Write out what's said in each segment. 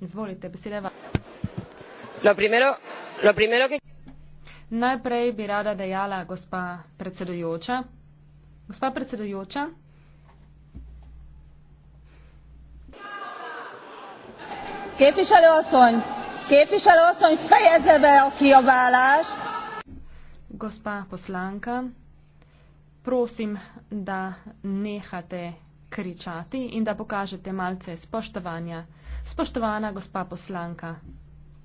Izvolite, beseda vam. Najprej bi rada dejala gospa predsedujoča. Gospa predsedujoča. Képviselőasszony, képviselőasszony, fejezze be a kiabálást! Gospa poslanka, prosim, da nehate kričati in da pokažete malce spoštovanja. Spoštovana gospa poslanka,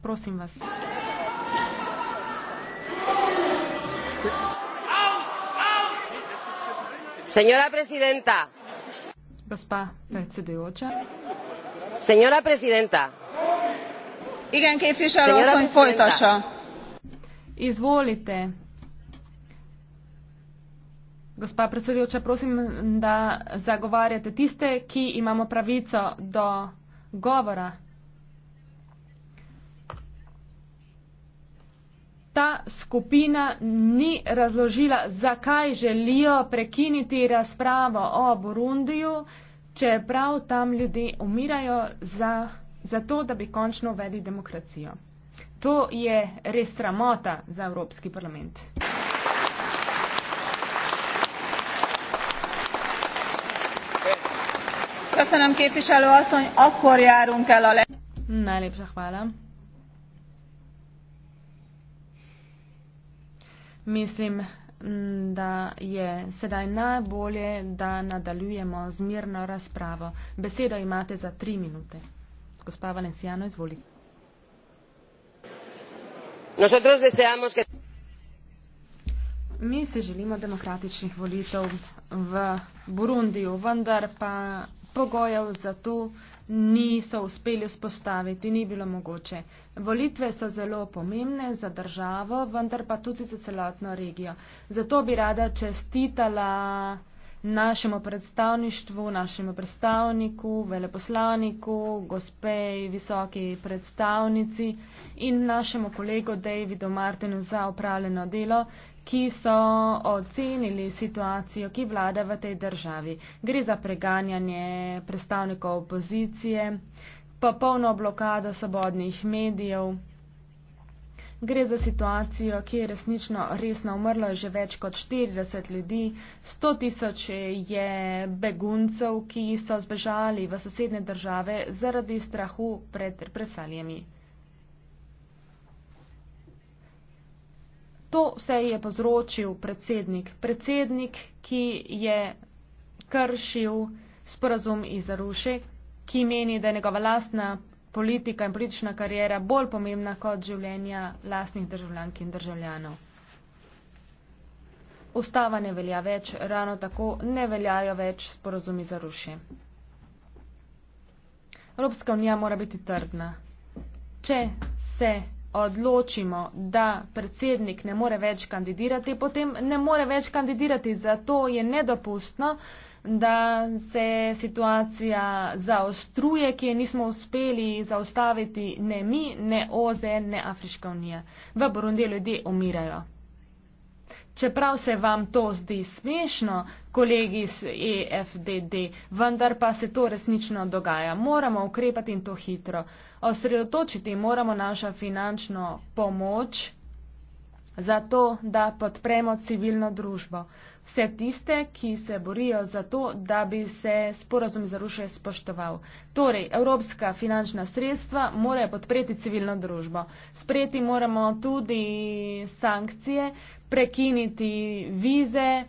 prosim vas. Señora presidenta. Gospa predsedujoča. Señora presidenta. Igen, képviselőasszony, folytassa. Izvolite. Gospa predsedujoča, prosim, da zagovarjate tiste, ki imamo pravico do govora. Ta skupina ni razložila, zakaj želijo prekiniti razpravo o Burundiju, čeprav tam ljudje umirajo za, za to, da bi končno uvedli demokracijo. To je res sramota za Evropski parlament. Köszönöm, képviselő asszony, akkor járunk el a le... Najlepša hvala. Mislim, da je sedaj najbolje, da nadaljujemo z mirno razpravo. Besedo imate za tri minute. Gospa Valencijano, izvoli. Mi se želimo demokratičnih volitev v Burundiju, vendar pa pogojev za to niso uspeli spostaviti, ni bilo mogoče. Volitve so zelo pomembne za državo, vendar pa tudi za celotno regijo. Zato bi rada čestitala našemu predstavništvu, našemu predstavniku, veleposlaniku, gospej visoki predstavnici in našemu kolegu Davidu Martinu za upravljeno delo, ki so ocenili situacijo, ki vlada v tej državi. Gre za preganjanje predstavnikov opozicije, popolno blokado svobodnih medijev. Gre za situacijo, ki je resnično resno umrlo že več kot 40 ljudi. 100 tisoč je beguncev, ki so zbežali v sosedne države zaradi strahu pred represalijami. To vse je povzročil predsednik. Predsednik, ki je kršil sporazum iz Aruše, ki meni, da je njegova lastna politika in politična karijera bolj pomembna kot življenja lastnih državljank in državljanov. Ustava ne velja več, ravno tako ne veljajo več sporozumi za rušje. Evropska unija mora biti trdna. Če se odločimo, da predsednik ne more več kandidirati, potem ne more več kandidirati. Zato je nedopustno, da se situacija zaostruje, ki je nismo uspeli zaustaviti ne mi, ne OZE, ne Afriška unija. V Burundiju ljudje umirajo. Čeprav se vam to zdi smešno, kolegi iz EFDD, vendar pa se to resnično dogaja. Moramo ukrepati in to hitro. Osredotočiti moramo našo finančno pomoč zato da podpremo civilno družbo. Vse tiste, ki se borijo za to, da bi se sporazum za rušenje spoštoval. Torej, evropska finančna sredstva morajo podpreti civilno družbo. Sprejeti moramo tudi sankcije, prekiniti vize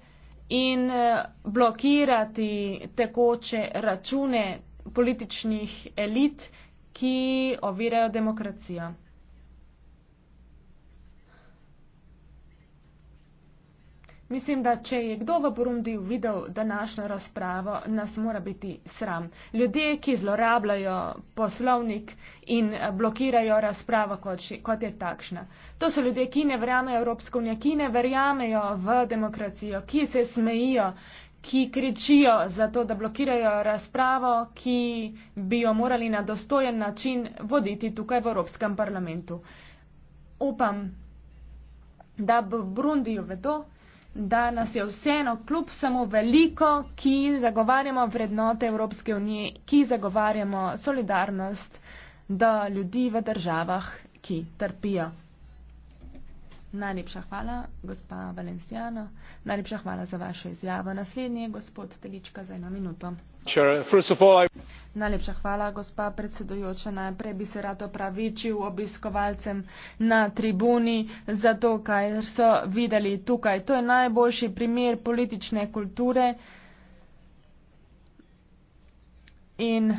in eh, blokirati tekoče račune političnih elit, ki ovirajo demokracijo. Mislim, da če je kdo v Burundiju videl današnjo razpravo, nas mora biti sram. Ljudje, ki zlorabljajo poslovnik in eh, blokirajo razpravo kot, kot je takšna. To so ljudje, ki ne verjamejo Evropsko unijo, ki ne verjamejo v demokracijo, ki se smejijo, ki kričijo za to, da blokirajo razpravo, ki bi jo morali na dostojen način voditi tukaj v Evropskem parlamentu. Upam, da v Burundiju vedo, da nas je vseeno kljub samo veliko, ki zagovarjamo vrednote Evropske unije, ki zagovarjamo solidarnost do ljudi v državah, ki trpijo. Najlepša hvala, gospa Valenciano. Najlepša hvala za vašo izjavo. Naslednji je gospod Telička za eno minuto najlepša hvala gospa predsedujoča najprej bi se rad opravičil obiskovalcem na tribuni za to kar so videli tukaj to je najboljši primer politične kulture in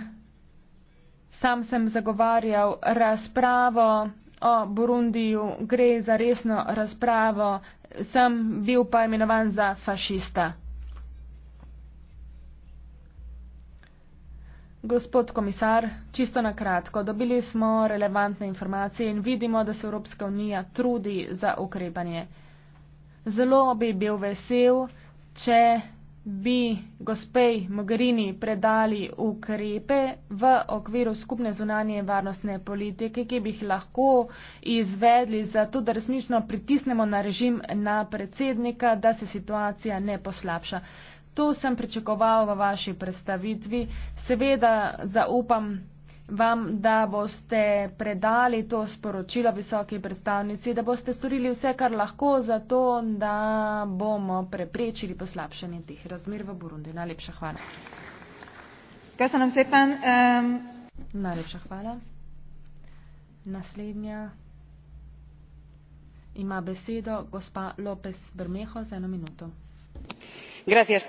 sam sem zagovarjal razpravo o Burundiju, gre za resno razpravo, sem bil pa imenovan za fašista. Gospod komisar, čisto na kratko, dobili smo relevantne informacije in vidimo, da se Evropska unija trudi za ukrepanje. Zelo bi bil vesel, če bi gospej Mogherini predali ukrepe v okviru skupne zunanje varnostne politike, ki bi jih lahko izvedli za to, da resnično pritisnemo na režim na predsednika, da se situacija ne poslabša. To sem pričakoval v vaši predstavitvi. Seveda zaupam vam, da boste predali to sporočilo visoki predstavnici, da boste storili vse, kar lahko, zato, da bomo preprečili poslabšanje teh razmer v Burundi. Najlepša hvala. Sepan, um... Najlepša hvala. Naslednja ima besedo gospa López Brmejo za eno minuto. Gracias,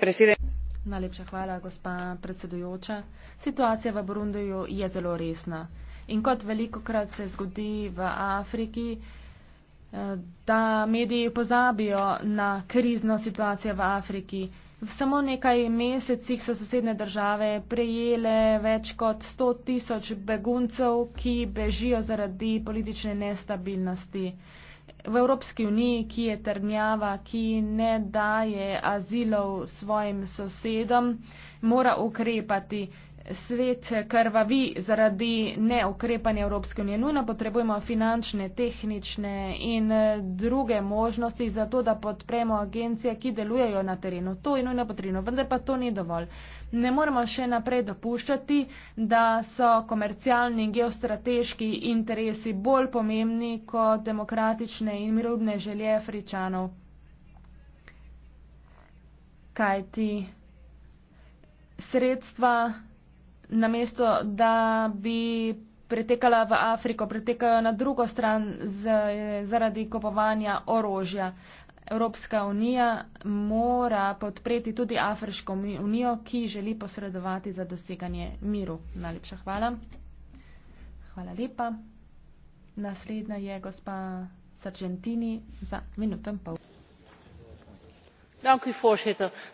Najlepša hvala, gospa predsedujoča. Situacija v Burundiju je zelo resna. In kot veliko krat se zgodi v Afriki, eh, da mediji pozabijo na krizno situacijo v Afriki. V samo nekaj mesecih so sosedne države prejele več kot 100 tisoč beguncev, ki bežijo zaradi politične nestabilnosti v Evropski uniji, ki je trdnjava, ki ne daje azilov svojim sosedom, mora ukrepati svet krvavi zaradi neokrepanja Evropske unije. Nujno potrebujemo finančne, tehnične in eh, druge možnosti za to, da podpremo agencije, ki delujejo na terenu. To je nujno potrebno, vendar pa to ni dovolj. Ne moremo še naprej dopuščati, da so komercialni in geostrateški interesi bolj pomembni kot demokratične in mirovne želje Afričanov. Kaj ti sredstva namesto da bi pretekala v Afriko, pretekajo na drugo stran z, zaradi kupovanja orožja. Evropska unija mora podpreti tudi Afriško unijo, ki želi posredovati za doseganje miru. Najlepša hvala. Hvala lepa. Naslednja je gospa Sargentini za minuto in pol.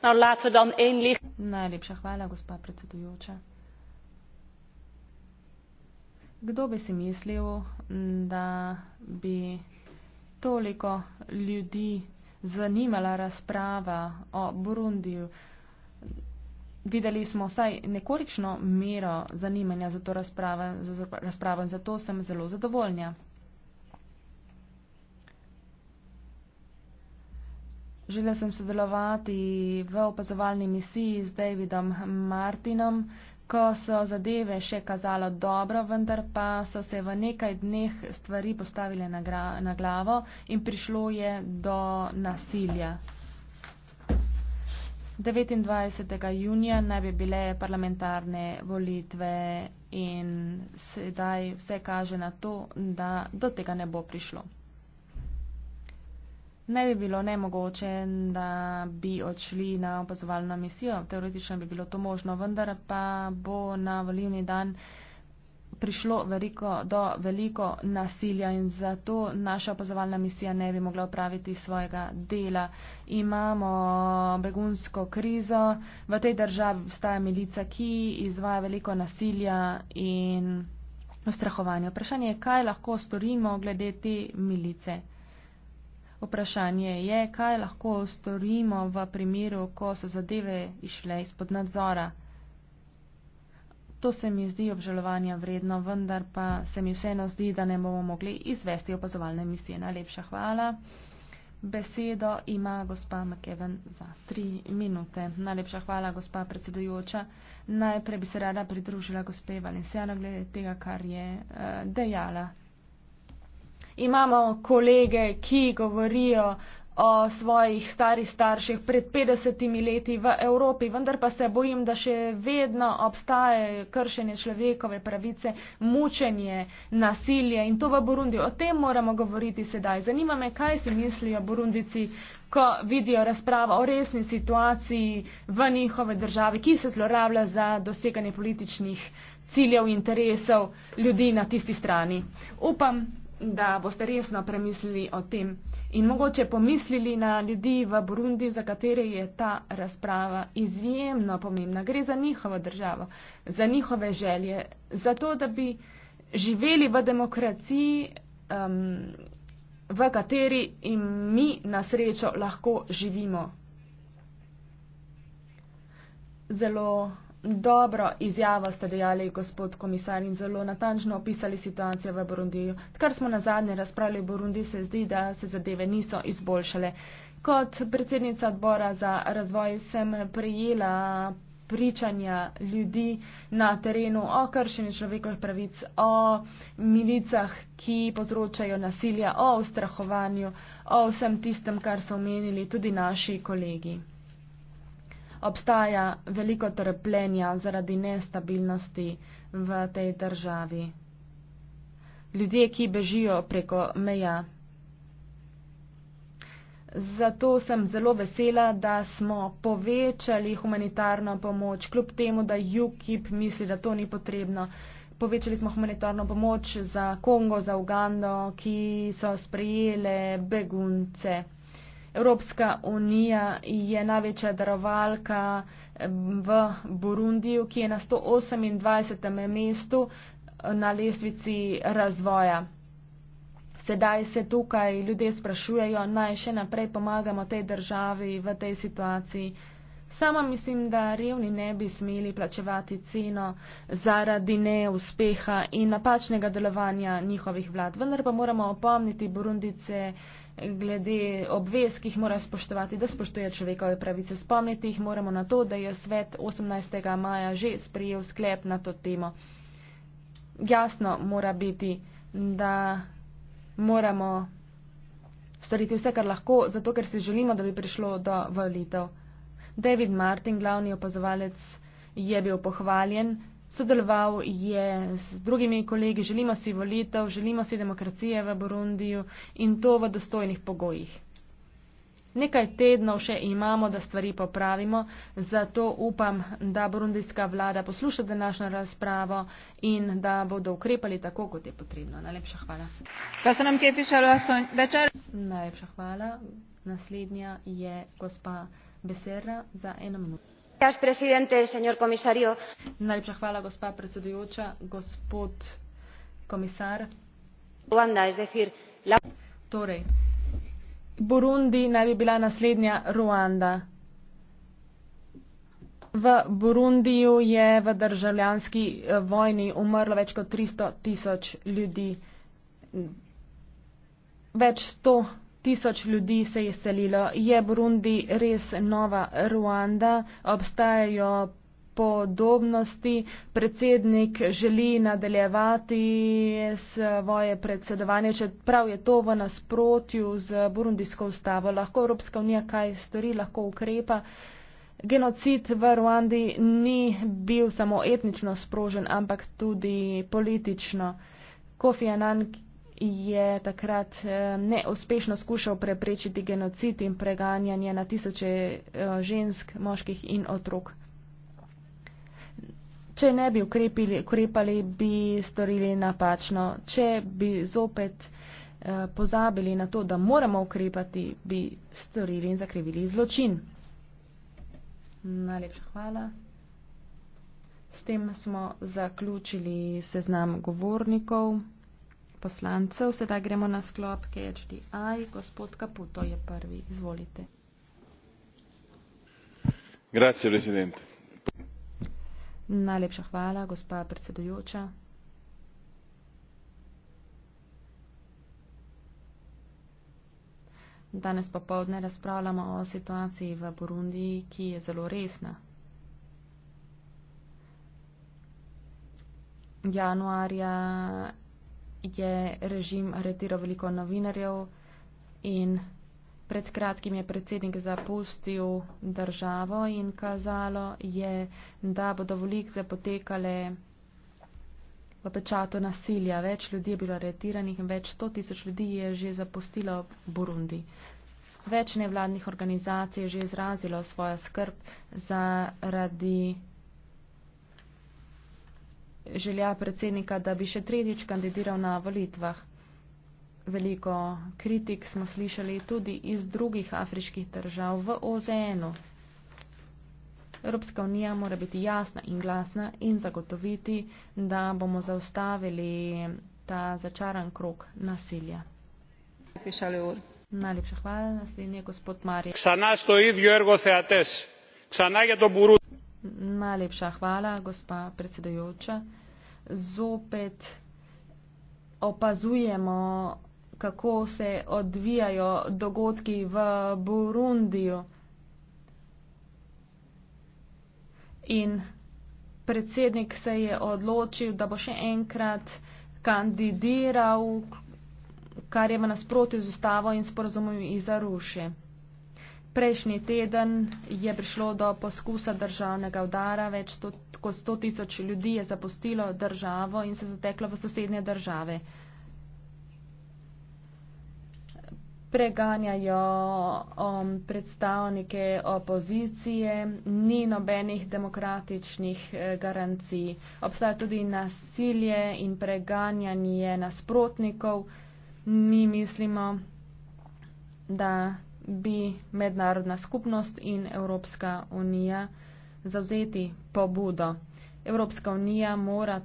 Najlepša hvala, gospa predsedujoča kdo bi si mislil, da bi toliko ljudi zanimala razprava o Burundiju. Videli smo vsaj nekolično mero zanimanja za to razpravo in zato sem zelo zadovoljna. Želela sem sodelovati v opazovalni misiji z Davidom Martinom, ko so zadeve še kazalo dobro, vendar pa so se v nekaj dneh stvari postavile na, na glavo in prišlo je do nasilja. 29. junija naj bi bile parlamentarne volitve in sedaj vse kaže na to, da do tega ne bo prišlo ne bi bilo nemogoče, da bi odšli na opazovalno misijo. Teoretično bi bilo to možno, vendar pa bo na volivni dan prišlo veliko, do veliko nasilja in zato naša opazovalna misija ne bi mogla opraviti svojega dela. Imamo begunsko krizo, v tej državi obstaja milica, ki izvaja veliko nasilja in ustrahovanja. Vprašanje je, kaj lahko storimo glede te milice. Vprašanje je, kaj lahko storimo v primeru, ko so zadeve išle izpod nadzora. To se mi zdi obžalovanja vredno, vendar pa se mi vseeno zdi, da ne bomo mogli izvesti opazovalne misije. Najlepša hvala. Besedo ima gospa McKeven za tri minute. Najlepša hvala, gospa predsedujoča. Najprej bi se rada pridružila gospe Valencijano glede tega, kar je uh, dejala. Imamo kolege, ki govorijo o svojih starih starših pred 50 leti v Evropi, vendar pa se bojim, da še vedno obstaje kršenje človekove pravice, mučenje, nasilje in to v Burundi. O tem moramo govoriti sedaj. Zanima me, kaj si mislijo Burundici, ko vidijo razpravo o resni situaciji v njihove državi, ki se zlorablja za doseganje političnih ciljev in interesov ljudi na tisti strani. Upam, da boste resno premislili o tem in mogoče pomislili na ljudi v Burundi, za katere je ta razprava izjemno pomembna. Gre za njihovo državo, za njihove želje, za to, da bi živeli v demokraciji, um, v kateri in mi na srečo lahko živimo. Zelo Dobro izjavo ste dejali, gospod komisar, in zelo natančno opisali situacijo v Burundiju. Kar smo na zadnje razpravljali v Burundiji, se zdi, da se zadeve niso izboljšale. Kot predsednica odbora za razvoj sem prijela pričanja ljudi na terenu o kršenju človekovih pravic, o milicah, ki povzročajo nasilja, o ustrahovanju, o vsem tistem, kar so omenili tudi naši kolegi obstaja veliko trpljenja zaradi nestabilnosti v tej državi. Ljudje, ki bežijo preko meja. Zato sem zelo vesela, da smo povečali humanitarno pomoč, kljub temu, da UKIP misli, da to ni potrebno. Povečali smo humanitarno pomoč za Kongo, za Ugando, ki so sprejele begunce. Evropska unija je največja darovalka v Burundiju, ki je na 128. mestu eh, na lestvici razvoja. Sedaj se tukaj ljudje sprašujejo, naj še naprej pomagamo tej državi v tej situaciji. Sama mislim, da revni ne bi smeli plačevati ceno zaradi neuspeha in napačnega delovanja njihovih vlad. Vendar pa moramo opomniti Burundice glede obvez, ki jih mora spoštovati, da spoštuje človekove pravice. Spomniti jih moramo na to, da je svet 18. maja že sprejel sklep na to temo. Jasno mora biti, da moramo storiti vse, kar lahko, zato ker si želimo, da bi prišlo do volitev. David Martin, glavni opazovalec, je bil pohvaljen, sodeloval je z drugimi kolegi, želimo si volitev, želimo si demokracije v Burundiju in to v dostojnih pogojih. Nekaj tednov še imamo, da stvari popravimo, zato upam, da burundijska vlada posluša današnjo razpravo in da bodo ukrepali tako, kot je potrebno. Najlepša hvala. Pa se nam kje piše, da so večer. Najlepša hvala. Naslednja je gospa. Becerra za eno minuto. Gospod predsednik, gospod komisar. Najlepša hvala, gospa predsedujoča, gospod komisar. Ruanda, decir, la... Torej, Burundi naj bi bila naslednja Ruanda. V Burundiju je v državljanski eh, vojni umrlo več kot 300 tisoč ljudi. Več sto tisoč ljudi se je selilo. Je Burundi res nova Ruanda? Obstajajo podobnosti? Predsednik želi nadaljevati svoje predsedovanje, čeprav je to v nasprotju z burundijsko ustavo. Lahko Evropska unija kaj stori, lahko ukrepa. Genocid v Ruandi ni bil samo etnično sprožen, ampak tudi politično. Kofi Anan, je takrat eh, neuspešno skušal preprečiti genocid in preganjanje na tisoče eh, žensk, moških in otrok. Če ne bi ukrepili, ukrepali, bi storili napačno. Če bi zopet eh, pozabili na to, da moramo ukrepati, bi storili in zakrivili zločin. Najlepša hvala. S tem smo zaključili seznam govornikov poslancev. Sedaj gremo na sklop KHDI. Gospod Kaputo je prvi. Izvolite. Grazie, predsednik. Najlepša hvala, gospa predsedujoča. Danes popovdne razpravljamo o situaciji v Burundiji, ki je zelo resna. Januarja je režim aretiral veliko novinarjev in pred kratkim je predsednik zapustil državo in kazalo je, da bodo volitve potekale v pečatu nasilja. Več ljudi je bilo aretiranih in več sto tisoč ljudi je že zapustilo Burundi. Več nevladnih organizacij je že izrazilo svojo skrb zaradi želja predsednika, da bi še tretjič kandidiral na volitvah. Veliko kritik smo slišali tudi iz drugih afriških držav v OZN-u. Evropska unija mora biti jasna in glasna in zagotoviti, da bomo zaustavili ta začaran krok nasilja. Najlepša hvala, naslednji je gospod Marija. Najlepša hvala, gospa predsedajoča. Zopet opazujemo, kako se odvijajo dogodki v Burundiju. In predsednik se je odločil, da bo še enkrat kandidiral, kar je v nasprotju z ustavo in sporozumom iz Aruše. Prejšnji teden je prišlo do poskusa državnega udara, več kot 100 tisoč ljudi je zapustilo državo in se zateklo v sosednje države. Preganjajo um, predstavnike opozicije, ni nobenih demokratičnih eh, garancij. Obstaja tudi nasilje in preganjanje nasprotnikov. Mi mislimo, da bi mednarodna skupnost in Evropska unija zavzeti pobudo. Evropska unija mora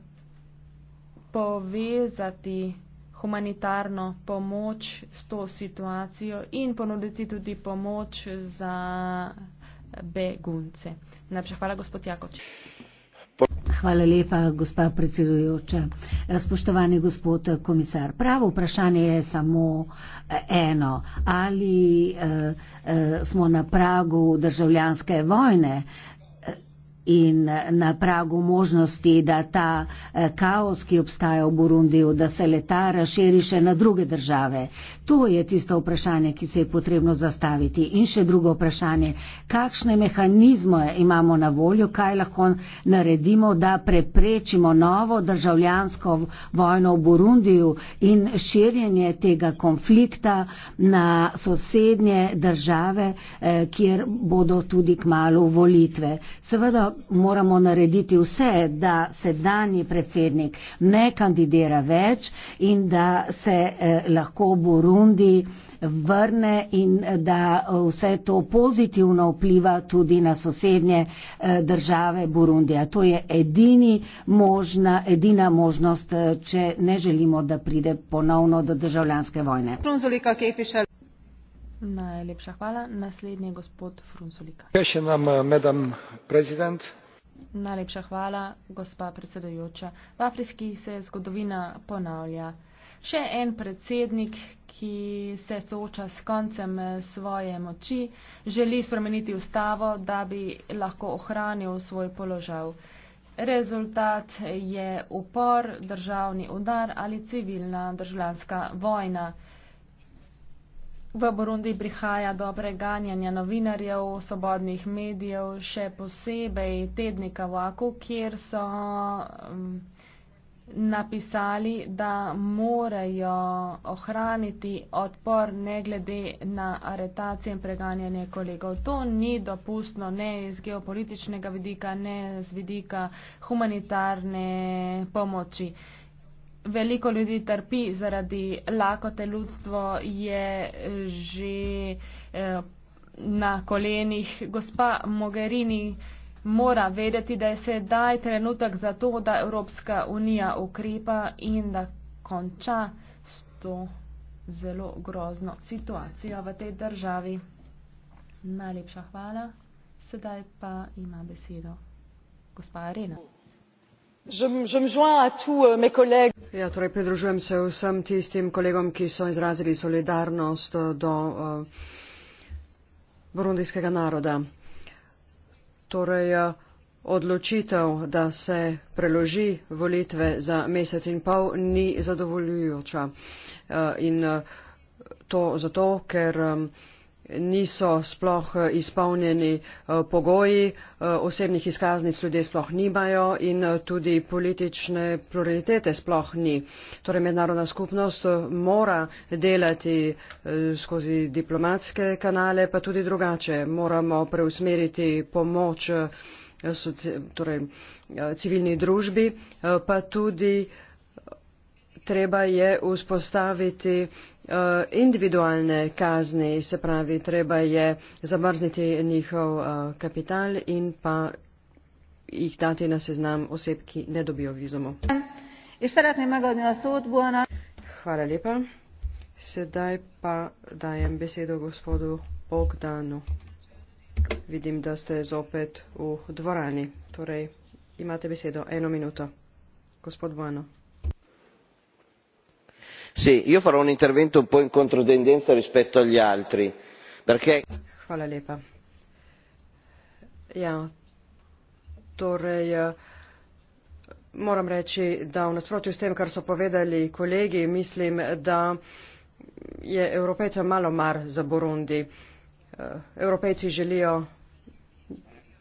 povezati humanitarno pomoč s to situacijo in ponuditi tudi pomoč za begunce. Najprej hvala, gospod Jakoč. Hvala lepa, gospa predsedujoča. Eh, spoštovani gospod eh, komisar, pravo vprašanje je samo eh, eno. Ali eh, smo na pragu državljanske vojne, in eh, na pragu možnosti, da ta eh, kaos, ki obstaja v Burundiju, da se leta razširi še na druge države. To je tisto vprašanje, ki se je potrebno zastaviti. In še drugo vprašanje, kakšne mehanizme imamo na voljo, kaj lahko naredimo, da preprečimo novo državljansko vojno v Burundiju in širjenje tega konflikta na sosednje države, eh, kjer bodo tudi k malu volitve. Seveda moramo narediti vse, da sedanji predsednik ne kandidira več in da se eh, lahko Burundi vrne in eh, da vse to pozitivno vpliva tudi na sosednje eh, države Burundija. To je možna, edina možnost, če ne želimo, da pride ponovno do državljanske vojne. Najlepša hvala. Naslednji je gospod Frunzulika. Še nam, eh, medam prezident. Najlepša hvala, gospa predsedajoča. V Afriki se zgodovina ponavlja. Še en predsednik, ki se sooča s koncem eh, svoje moči, želi spremeniti ustavo, da bi lahko ohranil svoj položaj. Rezultat je upor, državni udar ali civilna državljanska vojna v Burundi prihaja do preganjanja novinarjev, svobodnih medijev, še posebej tednika Vaku, kjer so mm, napisali, da morajo ohraniti odpor ne glede na aretacije in preganjanje kolegov. To ni dopustno ne iz geopolitičnega vidika, ne z vidika humanitarne pomoči veliko ljudi trpi zaradi lakote ljudstvo, je eh, že eh, na kolenih. Gospa Mogherini mora vedeti, da je sedaj trenutek za to, da Evropska unija ukrepa in da konča s to zelo grozno situacijo v tej državi. Najlepša hvala. Sedaj pa ima besedo gospa Arena. Euh, ja, torej pridružujem se vsem tistim kolegom ki so izrazili solidarnost uh, do uh, burundijskega naroda. torej uh, odločitev da se preloži volitve za mesec in pol ni zadovoljujoča in to zato ker um, niso sploh eh, izpolnjeni eh, pogoji, eh, osebnih izkaznic ljudje sploh nimajo in tudi politične prioritete sploh ni. Torej, mednarodna skupnost mora delati skozi diplomatske kanale, pa tudi drugače. Moramo preusmeriti pomoč torej, civilni družbi, pa tudi treba je vzpostaviti eh, individualne kazni, se pravi, treba je zamrzniti njihov eh, kapital in pa jih dati na seznam oseb, ki ne dobijo vizumu. Hvala lepa. Sedaj pa dajem besedo gospodu Bogdanu. Vidim, da ste zopet v dvorani. Torej, imate besedo eno minuto. Gospod Bogdan io farò un intervento un po' in controtendenza rispetto agli altri perché. Ja, torej, eh, moram reči da v nasprotju s tem kar so povedali kolegi mislim da je evropejcem malo mar za burundi eh, evropejci želijo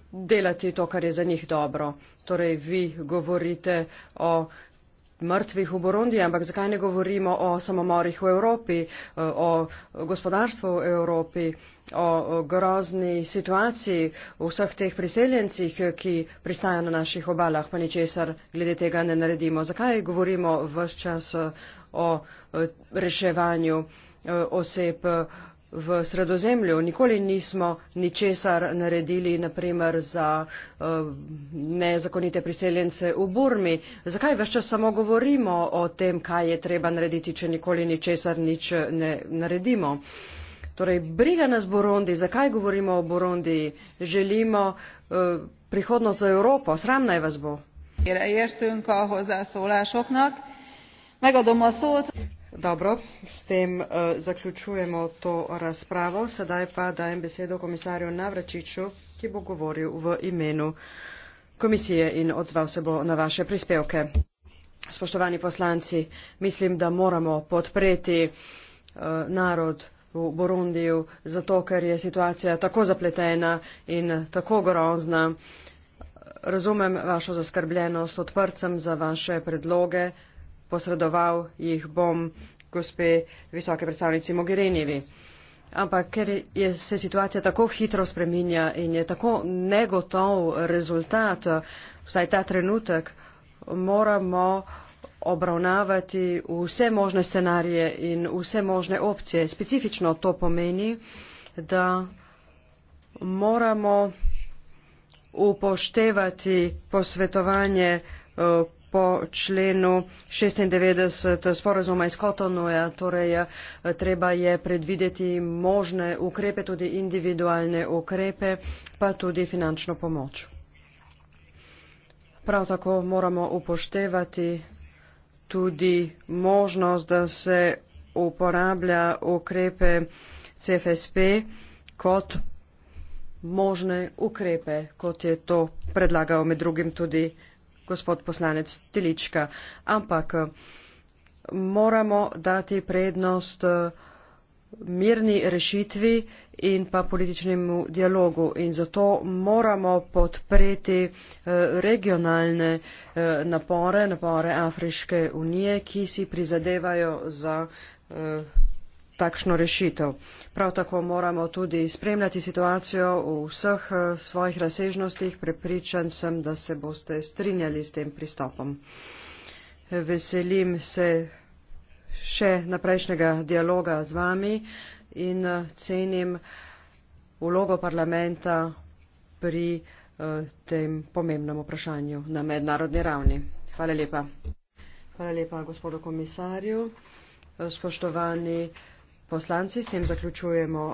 delati to kar je za njih dobro torej vi govorite o mrtvih v Burundi, ampak zakaj ne govorimo o samomorih v Evropi, eh, o gospodarstvu v Evropi, o grozni situaciji vseh teh priseljencih, ki pristajajo na naših obalah, pa ničesar glede tega ne naredimo. Zakaj govorimo vse čas eh, o eh, reševanju oseb v sredozemlju nikoli nismo ničesar naredili, naprimer za uh, nezakonite priseljence v Burmi. Zakaj več čas samo govorimo o tem, kaj je treba narediti, če nikoli ničesar nič ne naredimo? Torej, briga nas Burundi, zakaj govorimo o Burundi, želimo uh, prihodnost za Evropo, sram naj vas bo. Dobro, s tem uh, zaključujemo to razpravo. Sedaj pa dajem besedo komisarju Navračiču, ki bo govoril v imenu komisije in odzval se bo na vaše prispevke. Spoštovani poslanci, mislim, da moramo podpreti uh, narod v Burundiju, zato ker je situacija tako zapletena in tako grozna. Razumem vašo zaskrbljenost, odprt sem za vaše predloge, posredoval jih bom gospe visoke predstavnici Mogherinjevi. Ampak ker je se situacija tako hitro spreminja in je tako negotov rezultat, vsaj ta trenutek, moramo obravnavati vse možne scenarije in vse možne opcije. Specifično to pomeni, da moramo upoštevati posvetovanje eh, po členu 96 sporozuma iz Kotonuja, torej treba je predvideti možne ukrepe, tudi individualne ukrepe, pa tudi finančno pomoč. Prav tako moramo upoštevati tudi možnost, da se uporablja ukrepe CFSP kot možne ukrepe, kot je to predlagal med drugim tudi gospod poslanec Telička, ampak moramo dati prednost mirni rešitvi in pa političnemu dialogu. In zato moramo podpreti regionalne napore, napore Afriške unije, ki si prizadevajo za takšno rešitev. Prav tako moramo tudi spremljati situacijo v vseh eh, svojih razsežnostih. Prepričan sem, da se boste strinjali s tem pristopom. Veselim se še naprejšnjega dialoga z vami in eh, cenim vlogo parlamenta pri eh, tem pomembnem vprašanju na mednarodni ravni. Hvala lepa. Hvala lepa gospodu komisarju. Spoštovani poslanci. S tem zaključujemo.